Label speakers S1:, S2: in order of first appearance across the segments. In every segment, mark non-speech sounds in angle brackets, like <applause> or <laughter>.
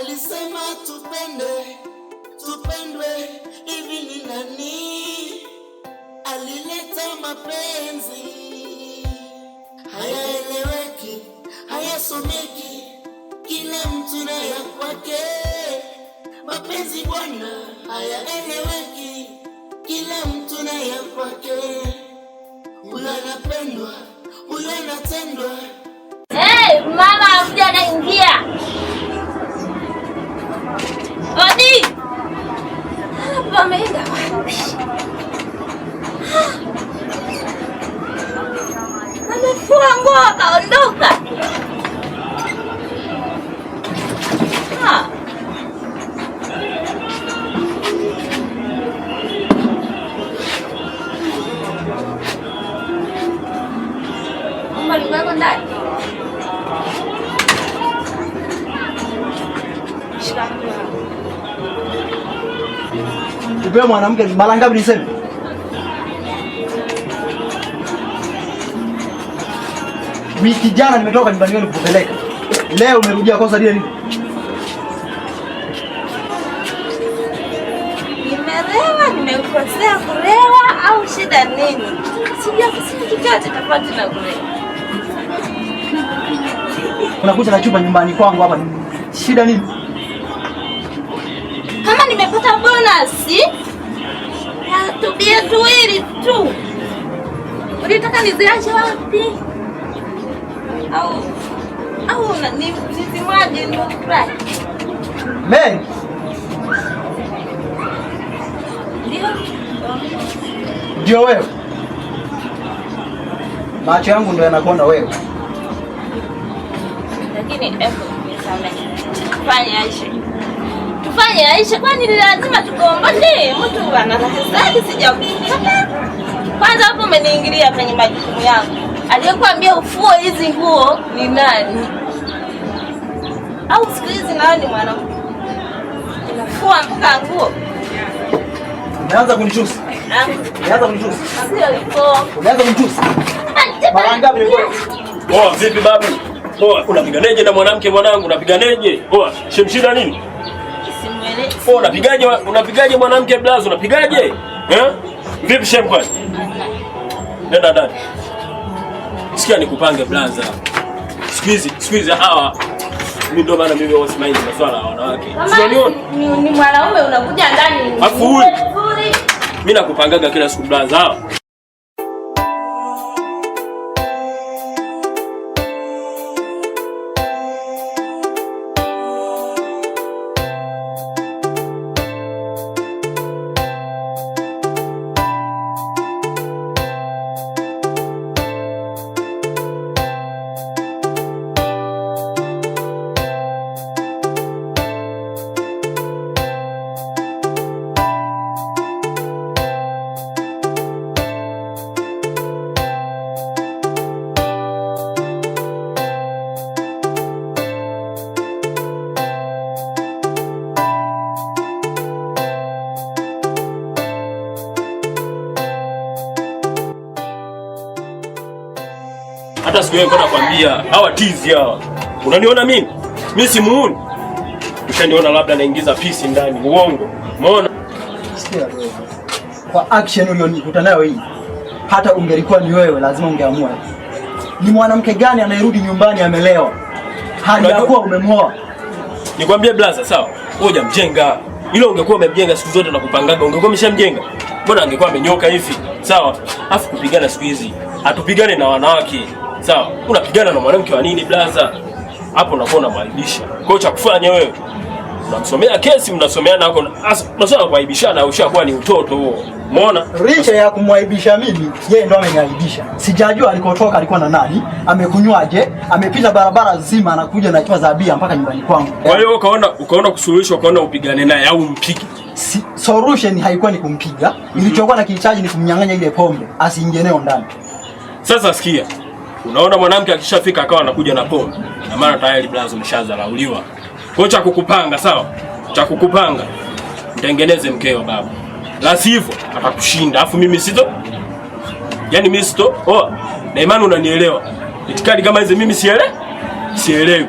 S1: Alisema tupende tupendwe, hivi ni nani alileta mapenzi? Hayaeleweki, hayasomeki, kila mtu na ya kwake. Mapenzi bwana, hayaeleweki, kila mtu na ya kwake. Huyu anapendwa, huyu anatendwa.
S2: Hey, mama akuja anaingia mtoto ameenda wapi? Amefua nguo akaondoka.
S3: wewe mwanamke mara ngapi niseme? Wiki jana nimetoka nyumbani kwenu kukupeleka. Leo umerudia kosa lile lile.
S2: Nimerewa, nimekosea kurewa au shida nini? Sijui kitu chochote tofauti na kurewa.
S3: Unakuja na chupa nyumbani kwangu hapa. Shida nini?
S2: Kama nimepata bonus nisaidie zuili tu. Ulitaka niziache wapi? Au au Ni
S3: ndio ndio wewe. Macho yangu ndo yanakonda wewe,
S2: lakini fanya ufanye Aisha, kwani lazima tugombane? Mtu ana zake, kwanza. Hapo umeniingilia kwenye majukumu yangu. Aliyekuambia ufuo hizi nguo ni nani? Au siku hizi nayo ni mwanamke unafua mpaka nguo?
S3: Umeanza kunichusi, umeanza kunichusi, Mara ngapi poa? Vipi babu, poa? Unapiganeje na mwanamke mwanangu? Unapiganeje poa? Shemshida nini? Wewe unapigaje? Unapigaje mwanamke blazo? Unapigaje? Eh? Vipi shem kwani? Dada dada. Sikia nikupange blaza. Siku hizi, siku hizi hawa mimi ndo maana mimi wasimamizi masuala ya wanawake.
S2: Unaniona? Ni mwanaume unakuja ndani.
S3: Afu huyu. Mimi nakupangaga kila siku blaza hawa. siku yako nakwambia, hawa tizi hawa. Unaniona mimi? Mimi si muuni. Ushaniona labda naingiza pisi ndani. Uongo. Umeona?
S4: Kwa action ulionikuta nayo hii. Hata ungelikuwa ni wewe lazima ungeamua. Ni mwanamke gani anayerudi nyumbani amelewa? Hadi akuwa umemwoa.
S3: Nikwambie blaza, sawa? Hoja mjenga. Ile ungekuwa umemjenga siku zote na kupangaga, ungekuwa umeshamjenga. Mbona angekuwa amenyoka hivi? Sawa? Afu kupigana siku hizi. Atupigane na wanawake sawa, unapigana na mwanamke wa nini blaza? Hapo unakuwa unamwaibisha. Kwa hiyo cha kufanya wewe unamsomea kesi, mnasomeana hapo, unasoma kuaibishana, ushakuwa ni utoto huo. Umeona?
S4: Licha ya kumwaibisha mimi, yeye ndo ameniaibisha. Sijajua alikotoka, alikuwa na nani, amekunywaje, amepita barabara nzima, anakuja na chupa za bia mpaka nyumbani kwangu. Kwa
S3: hiyo ukaona, ukaona kusuluhisha, ukaona upigane naye au mpige
S4: Si, solution haikuwa ni kumpiga. Mhm. Nilichokuwa mm -hmm. na kihitaji ni kumnyang'anya ile pombe asiingie nayo ndani.
S3: Sasa sikia. Unaona mwanamke akishafika akawa anakuja na pombe, na maana tayari blazo umeshadharauliwa. Kwa cha kukupanga sawa, cha kukupanga mtengeneze mkeo baba, la sivyo atakushinda. Afu mimi sito, yani mimi sito oa, oh, na imani unanielewa, itikadi kama hizi mimi siele sielewi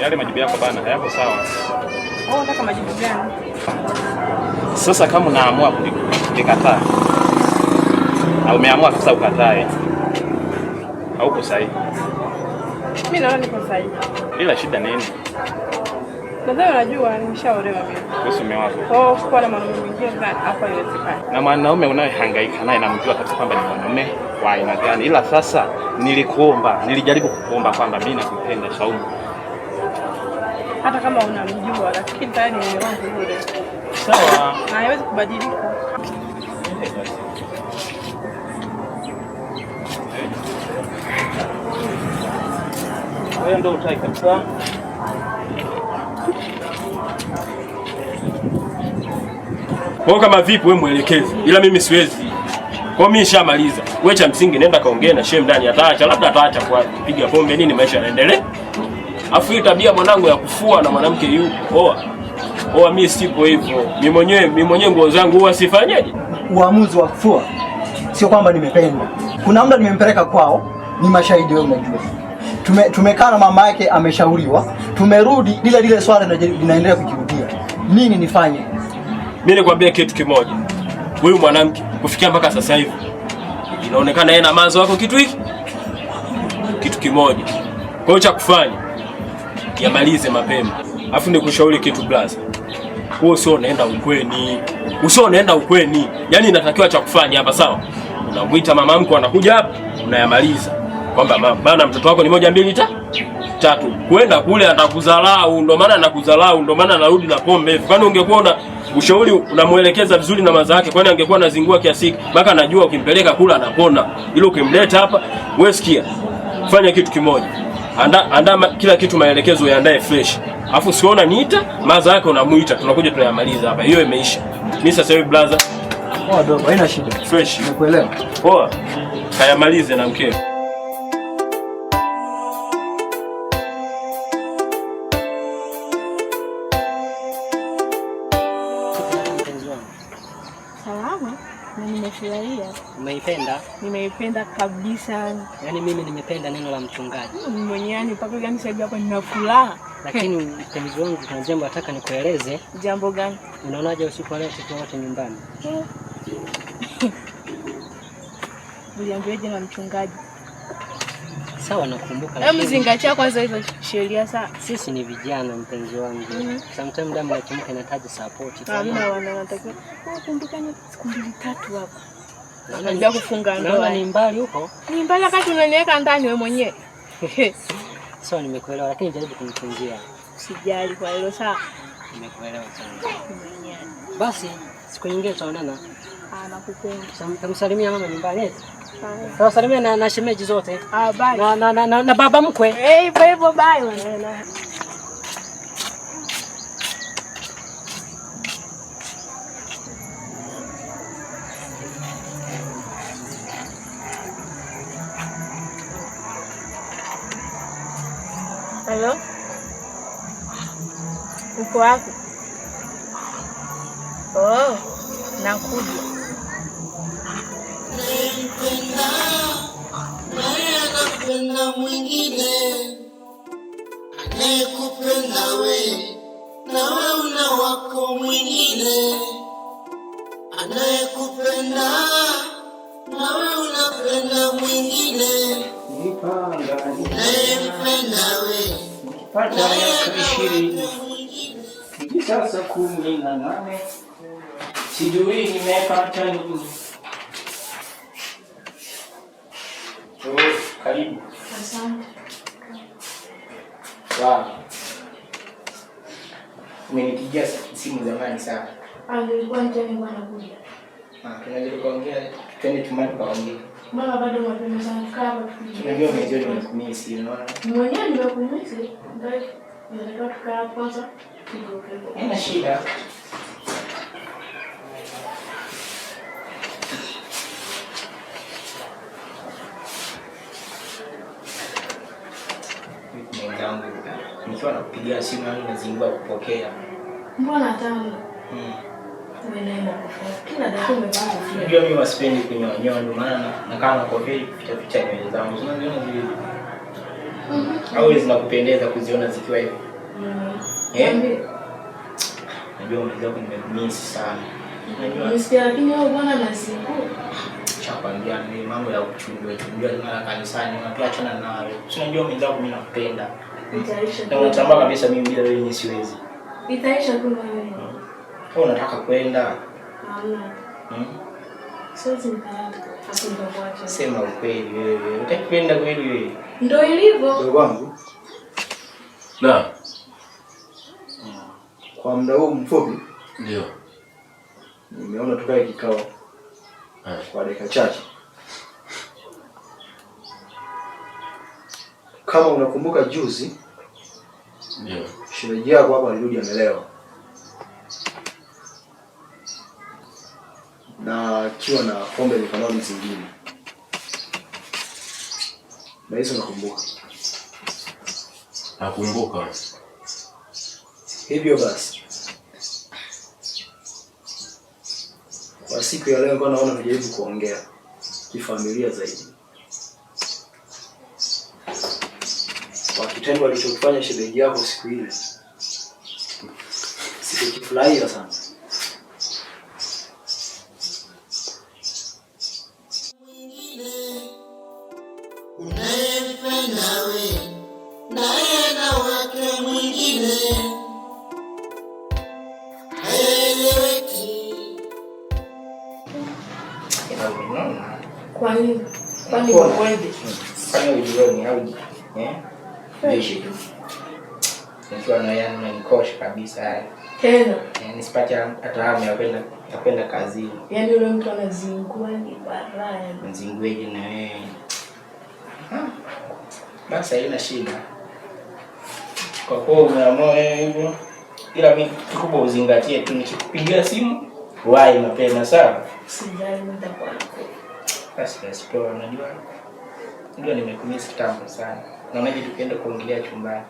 S3: yale majibu yako bana, hayako sawa.
S2: Oh, majibu gani?
S3: Sasa kama unaamua kukataa au umeamua sasa ukatae, hauko sahihi.
S2: Mimi naona niko sahihi.
S3: Ila shida nini?
S2: Nadhani unajua nimeshaolewa mimi. Wewe umeoa? Oh, kwa na mwanaume mwingine hapa haiwezekani.
S3: Na mwanaume unayehangaika naye namjua kabisa kwamba ni mwanaume wa aina gani. Ila sasa nilikuomba, nilijaribu kukuomba kwamba mimi nakupenda Saumu.
S2: Hata kama unamjua lakini tayari ni wangu yule.
S3: Sawa.
S2: Haiwezi kubadilika.
S3: ndio Kwa kama vipi wewe mwelekezi, ila mimi siwezi. Kwa mimi nishamaliza. Wewe cha msingi nenda kaongee na shehe ndani, ataacha labda ataacha kwa kupiga pombe nini, maisha yanaendelea. Afu hiyo tabia mwanangu ya kufua na mwanamke yu oa. Oa mimi sipo hivyo. Mimi mwenyewe mimi mwenyewe nguo zangu huwa
S4: Uamuzi wa kufua sio kwamba nimependa. Kuna muda nimempeleka kwao, ni mashahidi wewe unajua tume, tumekaa na mama yake ameshauriwa, tumerudi lile lile swala linaendelea kujirudia. Nini nifanye?
S3: Mimi nikwambia kitu kimoja, huyu mwanamke kufikia mpaka sasa hivi inaonekana yeye na manzo wako kitu hiki kitu kimoja. Kwa hiyo cha kufanya yamalize mapema, alafu nikushauri kitu blaza, huo sio unaenda ukweni, usio unaenda ukweni. Yaani inatakiwa cha kufanya hapa, sawa? Unamwita mama mko anakuja hapa, unayamaliza kwamba maana mtoto wako ni moja mbili ta tatu, kwenda kule atakudharau, ndo maana anakudharau, ndo maana anarudi na pombe. Kwani ungekuwa una ushauri unamuelekeza vizuri na maza yake, kwani angekuwa anazingua kiasi Mpaka anajua ukimpeleka kula anapona, ila ukimleta hapa, wewe sikia, fanya kitu kimoja, anda, anda kila kitu maelekezo yaandae fresh, afu siona niita maza yake, unamuita tunakuja tunayamaliza hapa, hiyo imeisha. Mimi sasa hivi brother,
S4: poa dogo, haina shida, fresh, nakuelewa.
S3: Poa, kayamalize na mkeo.
S2: sana na nimefurahia.
S4: Umeipenda?
S2: Nimeipenda kabisa.
S4: Yaani mimi nimependa neno la mchungaji
S2: mwenyewe mpaka gani sasa hapa nina furaha.
S4: Lakini mpenzi wangu, kuna jambo nataka nikueleze. Jambo gani? Unaonaje usiku leo tuko wote nyumbani? <laughs>
S2: Uliambiwaje na mchungaji?
S4: Sawa, nakumbuka
S2: lakini zingatia kwanza hizo sheria sana.
S4: Sisi ni vijana, mpenzi wangu. Mm -hmm. Sometimes damu inatumika, inahitaji support.
S2: Hamna wanatakiwa kukumbukana oh, siku mbili tatu hapa.
S4: Unajua kufunga ndoa Naona ni mbali huko.
S2: Ni mbali wakati unaniweka ndani wewe mwenyewe.
S4: Sawa, <laughs> so, nimekuelewa lakini jaribu kunifungia.
S2: Sijali kwa hilo sawa. Nimekuelewa sana.
S4: Basi siku nyingine tutaonana. Nitamsalimia mama nyumbani. Tawasalimia na, na shemeji zote na, na, na, na, na baba mkwe.
S2: Hey, bye, bye, bye. uko wapi? Oh, nakuja naye anapenda mwingine anayekupenda we, nawe una wako mwingine
S4: anayekupenda nawe unapenda mwingine anayempenda we, naye anapenda mwingine. Sasa kumi na nane sijui nimepata nini. Karibu. Asante. Umenipigia simu zamani sana.
S2: Ah, nilikuwa nitaenda nakuja.
S4: Ah, kuongea.
S2: Mama bado mapema sana unaona?
S4: Mwenyewe Ndio. Ndio kwanza. Ndio. shida. nikiwa nakupigia simu yangu nazingua kupokea.
S2: Mbona tamu? Mm.
S4: mimi wasipendi kunyoanyoa ndio maana nakaa na kofia ili kuficha nywele zangu. Unaziona zile? Mhm. Au zinakupendeza kuziona zikiwa hivi? Mhm. Eh? Najua unaweza kunimiss sana. Chakwambia mimi mambo ya kuchunjwa chunjwa ya kanisani na nayo. Unajua mimi nakupenda. Na unatamba kabisa mimi bila wewe siwezi.
S2: Itaisha tu wewe. Kwa
S4: hmm. unataka kwenda?
S2: Hamna. Hmm?
S4: Sema ukweli wewe. Unataka kwenda kweli wewe?
S2: Ndio ilivyo.
S4: Ndio wangu. Na. Hmm. Kwa muda huu mfupi ndio nimeona tukae kikao kwa dakika chache Kama unakumbuka juzi, yeah, shemeji yako hapa alirudi amelewa na akiwa na pombe mikononi zingine, na hizo nakumbuka.
S3: Nakumbuka.
S4: Hivyo basi kwa siku ya leo, naona nijaribu kuongea kifamilia zaidi kitendo alichokifanya shemeji yako siku ile sikukifurahia sana.
S2: Kwani kwani kwani
S4: kwani fresh tu nikiwa na yani unanikosha kabisa tena, yani sipati hata hamu ya kwenda ya kwenda kazini.
S2: Yani yule mtu anazingua ni baraya,
S4: mzingueje na wewe basi, haina shida kwa kuwa umeamua wewe hivyo, ila mimi kikubwa uzingatie tu, nikikupigia simu wahi mapema, sawa?
S2: Sijali muda wako
S4: basi. Basi poa, unajua unajua nimekumisi kitambo sana naonaje tukienda kuongelea chumbani?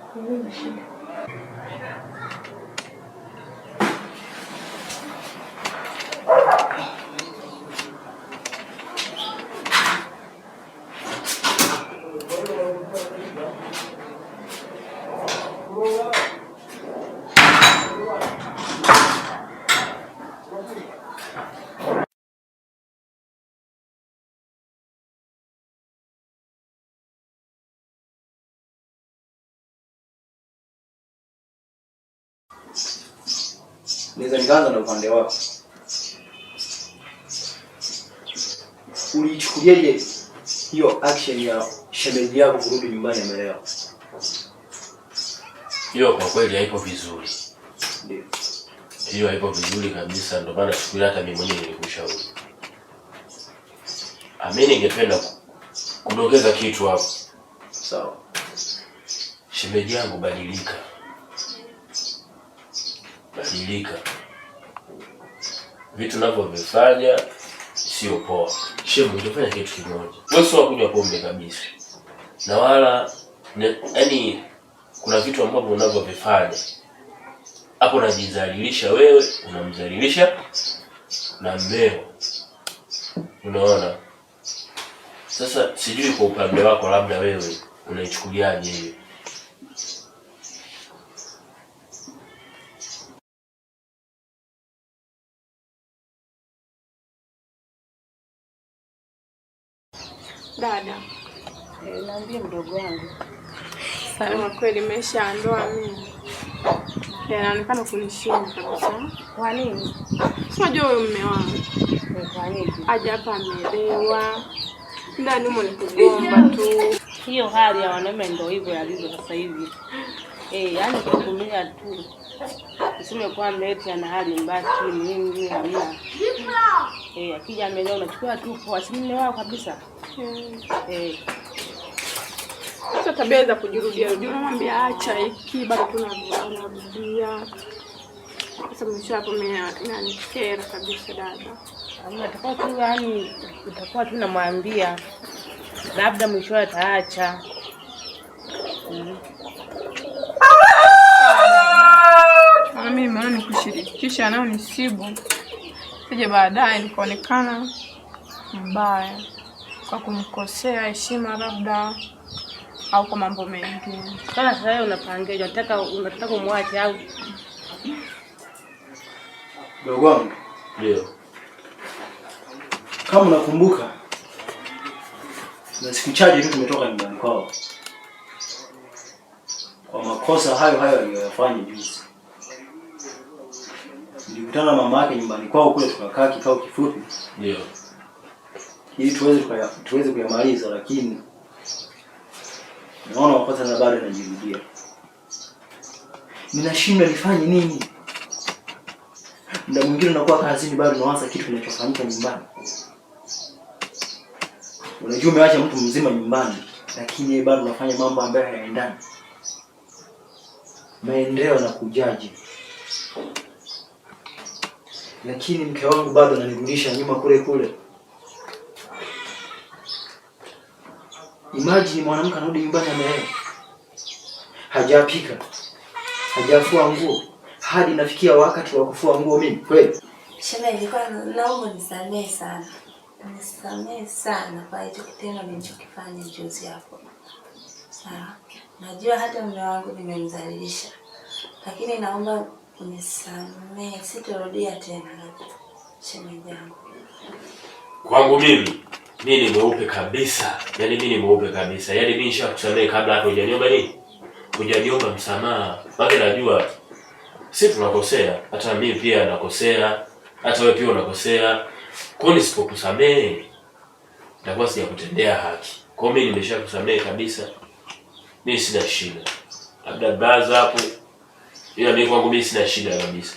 S4: Naweza nikaanza na upande wako. Ulichukuliaje hiyo action ya shemeji yako kurudi nyumbani amelewa?
S3: Hiyo kwa kweli haipo vizuri. Ndio. Hiyo haipo vizuri kabisa, ndio maana sikuwa hata mimi mwenyewe nilikushauri. Amini, ningependa kudokeza kitu hapo. Sawa. Shemeji yangu, badilika. Badilika vitu navyovifanya sio poa. Shemu, ungefanya kitu kimoja, wewe sio kunywa pombe kabisa, na wala yaani, kuna vitu ambavyo unavyovifanya hapo unajidhalilisha wewe, unamdhalilisha na mmeo, unaona. Sasa sijui kwa upande wako, labda wewe unaichukuliaje hiyo?
S2: Dada
S5: Eh, naambia mdogo wangu
S2: sana kweli, meshaandoa mimi anaonekana kunishinda kabisa. Kwa nini? Unajua huyo mume wangu eh, Aje hapa amelewa, ndani humo ni kugomba tu.
S5: Hiyo hali ya wanaume ndio hivyo yalivyo sasa hivi, eh, yaani kuvumilia tu Usime kwamba eti ana hali mbaya nyingi hamna. Eh, akija amelea unachukua tu poa, si mume wao kabisa. Eh.
S2: Sasa tabia za kujirudia unamwambia acha hiki bado kuna anarudia. Sasa mwisho hapo inanikera kabisa dada.
S5: Hamna, utakuwa tu yani utakuwa tu namwambia labda mwisho ataacha. Mm.
S2: maana mimi nimeona nikushirikisha nao nisibu, sije baadaye nikaonekana mbaya kwa kumkosea heshima labda au kwa mambo mengine.
S5: Sasa sasa wewe unapangeja, unataka unataka umwache au
S4: dogo wangu? Ndio. Kama unakumbuka na siku chache tu tumetoka nyumbani kwao kwa makosa hayo hayo aliyofanya juzi tulikutana na mama yake nyumbani kwao kule, tukakaa kikao kifupi ndio ili tuweze tuweze kuyamaliza, lakini naona wapata na bado najirudia, ninashindwa nifanye nini. Muda mwingine unakuwa kazini, bado nawaza kitu kinachofanyika nyumbani. Unajua, umeacha mtu mzima nyumbani, lakini yeye bado unafanya mambo ambayo hayaendani maendeleo na kujaji lakini mke wangu bado ananirudisha nyuma kule kule. Imagine mwanamke anarudi nyumbani ameelewa, hajapika, hajafua nguo, hadi nafikia wakati wa kufua nguo mimi kweli.
S6: Shemeji, naomba nisamehe sana, nisamehe sana kwa hicho kitendo nilichokifanya juzi hapo. Sawa, najua hata mume wangu nimemdhalilisha, lakini naomba unisamehe, sitarudia tena shemeji yangu.
S3: Kwangu mimi mimi ni mweupe kabisa, yaani mimi ni mweupe kabisa, yaani mimi nishakusamehe kabla hata hujaniomba nini, hujaniomba msamaha. Bado najua si tunakosea, hata mimi pia nakosea, hata wewe pia unakosea. Kwa hiyo nisipokusamehe nitakuwa sijakutendea haki. Kwa hiyo mimi nimeshakusamehe kabisa, mimi sina shida, labda baza hapo ila mimi kwangu mimi sina shida kabisa.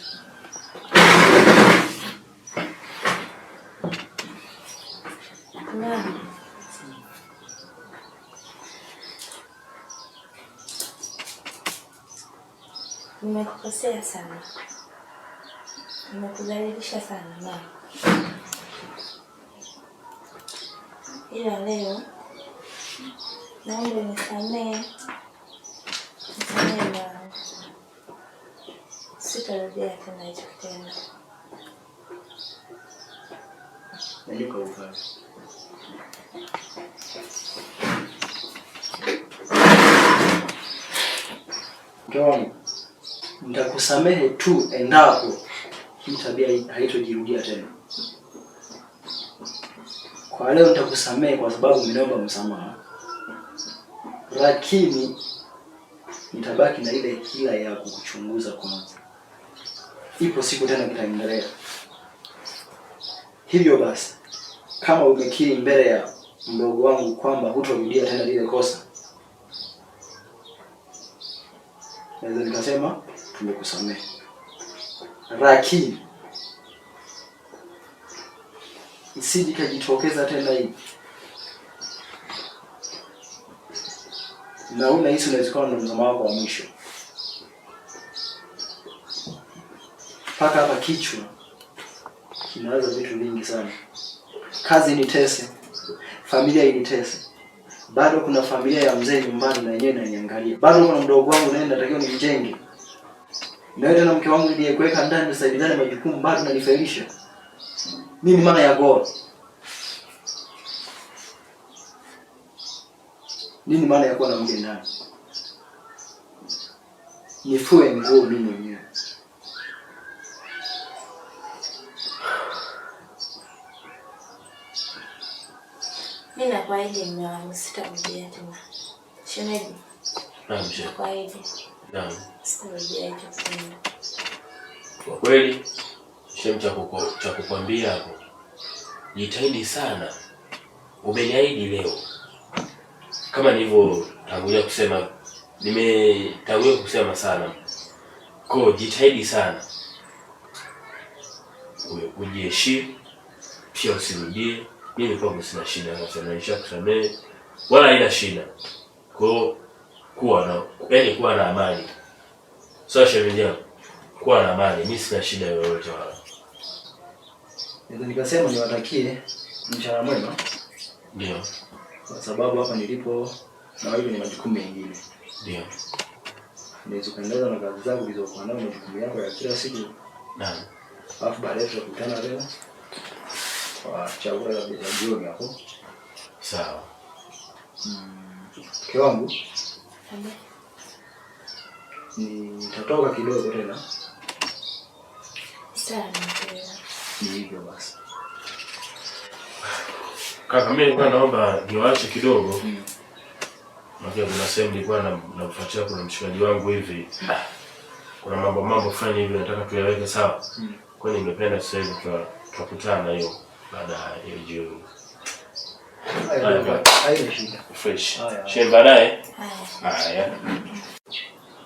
S6: Nimekukosea sana, nimekudhalilisha sana mama, ila leo naomba nisamehe, nisamehe sitarudia tena.
S4: Nitakusamehe tu endapo hii tabia haitojirudia tena. Kwa leo nitakusamehe kwa sababu umeniomba msamaha, lakini nitabaki na ile hila ya kukuchunguza kwanza ipo siku tena tutaendelea. Hivyo basi, kama umekiri mbele ya mdogo wangu kwamba hutorudia tena lile kosa, naweza nikasema tumekusamehe. Lakini isije ikajitokeza tena hivi, na unahisi unaweza kuwa ndo msamaha wako wa mwisho. mpaka hapa kichwa kinaweza vitu vingi sana. Kazi ni tese, familia initese, bado kuna familia ya mzee nyumbani na yenyewe inaniangalia, bado kuna mdogo wangu naye natakiwa nimjenge, na tena mke wangu kuweka ndani tusaidizane majukumu, bado nanifelisha mimi, maana ya God? nini? Maana ya kuwa na mgeni ndani, nifue nguo mimi mwenyewe
S6: Nakuahidi mume wangu, sitarudia tena. Shemeji, nakuahidi
S3: sitarudia hicho kitendo. Kwa kweli shem, cha kukwambia hapo, jitahidi sana. Umeniahidi leo, kama nilivyotangulia kusema, nimetangulia kusema sana ko, jitahidi sana ujiheshimu, pia usirudie mimi kwangu sina shida na nisha kusamehe wala haina shida. Kwa hiyo kuwa na yaani, kuwa na amani. Sasa shemeji kuwa na amani, mimi sina shida yoyote wala.
S4: Ndio nikasema niwatakie mchana mwema. Ndio. Kwa sababu hapa nilipo na wewe ni majukumu mengine. Ndio. Unaweza kuendelea na kazi zangu zilizokuwa nazo, majukumu yako ya kila siku. Naam. Alafu baadaye tutakutana leo kwa chakula cha jioni hapo. Sawa. mke mm. wangu nitatoka kidogo tena. hivyo basi.
S3: Kaka, mimi nilikuwa naomba niwaache kidogo. Mm. kuna sehemu nilikuwa namfuatia kuna mshikaji wangu hivi. Ah. Kuna mambo mambo fulani hivi nataka tuyaweke sawa. Mm. Kwa hiyo nimependa sasa hivi tukakutana hiyo baada ya jioni. Shehe baadaye.
S6: Haya.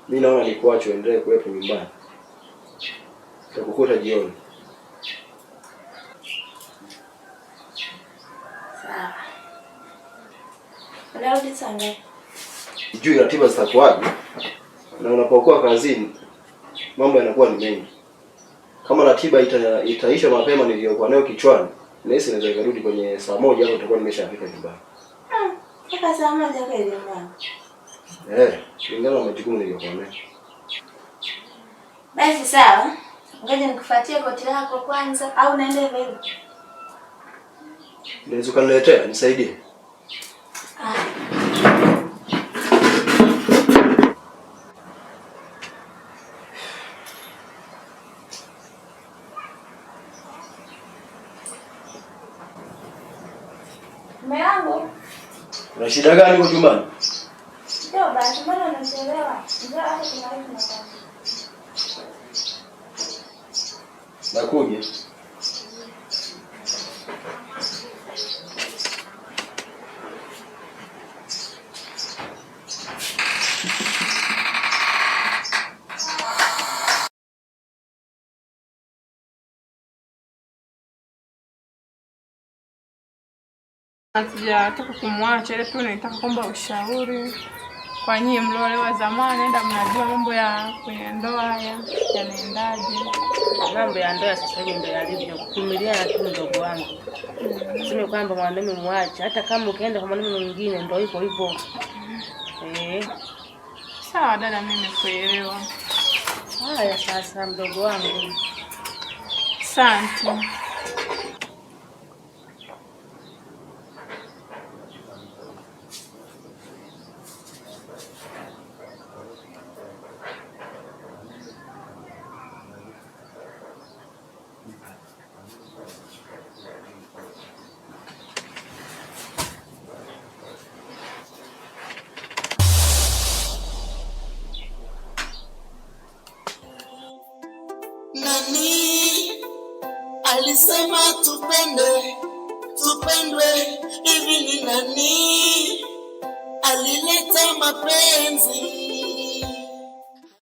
S4: Mimi naona nikuache uendelee kuwepo nyumbani. takukuta jioni. Sijui ratiba zitakuwaje, na unapokuwa kazini mambo yanakuwa ni mengi. Kama ratiba ita, itaisha mapema niliyokuwa nayo kichwani Nahisi naweza nikarudi kwenye saa moja au nitakuwa nimeshafika nyumbani.
S6: Kaka ah, saa moja kwa ile mama.
S4: Eh, kulingana na majukumu niliyokuwa nayo.
S6: Basi sawa. Ngoja nikufuatie koti lako kwanza au naende hivyo hivyo.
S4: Naweza ukaniletea nisaidie. Una shida gani huko chumbani? Nakuja.
S2: Sijataka kumwacha ile pia nataka kuomba ushauri kwa nyie wa zamani, enda mnajua mambo ya kwenye ndoa haya yanaendaje?
S5: Mambo ya ndoa sasa hivi ndio yalivyo, kuvumilia tu, mdogo wangu. Mm. Sema kwamba mwanaume mwache, hata kama ukienda kwa mwanaume mwingine ndio hivyo hivyo. Eh,
S2: sawa dada, mimi nimekuelewa.
S5: Haya sasa, mdogo wangu,
S2: asante.